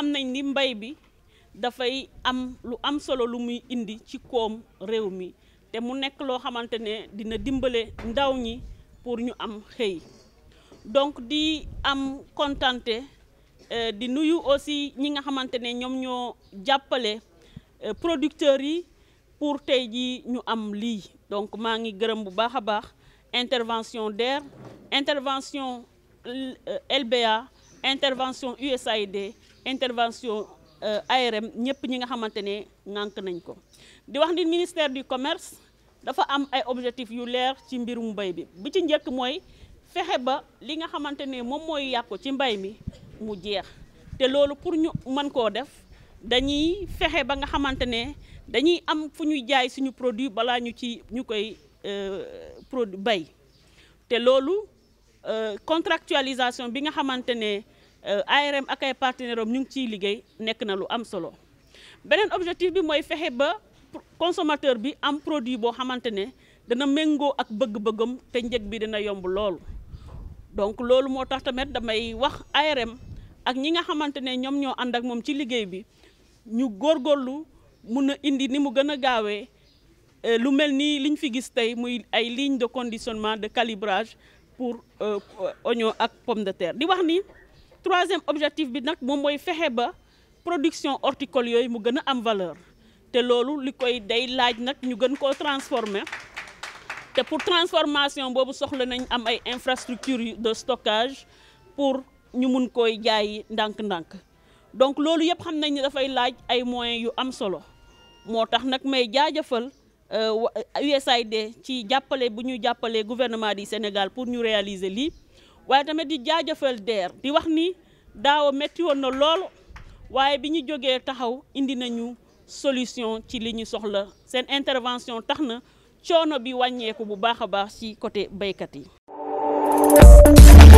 xam nañ ni mbay bi dafay am lu am solo lu muy indi ci kom réew mi te mu nek lo xamantene dina dimbale ndaw ñi pour ñu am xey donc di am kontante euh, di nuyu aussi ñi nga xamantene ñom ñoom ñoo jàppale euh, producteur yi pour tay ji ñu am li donc ma ngi gërëm bu baaxa baax intervention d'air intervention euh, LBA intervention USAID intervention euh, ARM ñëpp ñi nga xamante ne ŋànk nañ ko di wax ni ministère du commerce dafa am ay objectifs yu leer ci mbirum mbay bi bu ci njëkk mooy fexe ba li nga xamante ne moom mooy yàqu ci mbay mi mu jeex te loolu pour ñu man koo def dañuy fexe ba nga xamante ne dañuy am fu ñuy jaay suñu produit balaa ñu ci ñu koy euh, produit bay te loolu euh, contractualisation bi nga xamante ne Euh, ARM ak ay partenaires am ñu ngi ciy liggéey nekk na lu am solo beneen objectif bi mooy fexe ba consommateur bi am produit boo xamante ne dana méngoo ak bëgg-bëggam te njëg bi dana yomb loolu donc loolu moo tax tamit damay wax ARM ak ñi nga xamante ne ñoom ñoo ànd ak moom ci liggéey bi ñu góorgóorlu mun a indi ni mu gën a gaawee. Euh, lu mel nii liñ fi gis tey muy ay ligne de conditionnement de calibrage pour euh, oignon ak pomme de terre di wax nii troisième objectif bi nag moom mooy fexe ba production horticole yooyu mu gën am valeur te loolu li koy day laaj nag ñu gën koo transformer te pour transformation boobu soxla nañ am ay infrastructures de stockage pour ñu mun koy jaay ndànk-ndànk donc loolu yëpp xam nañ ne dafay laaj ay moyens yu am solo moo tax nag may jaajëfal USAID euh, ci jàppale bu ñu jàppale gouvernement du Sénégal pour ñu réaliser lii waaye tamit di jaajëfal DER di wax ni daaw metti woon na lool waaye bi ñu jógee taxaw indi nañu solution ci li ñu soxla seen intervention tax na coono bi wàññeeku bu baax a baax ci côté baykat yi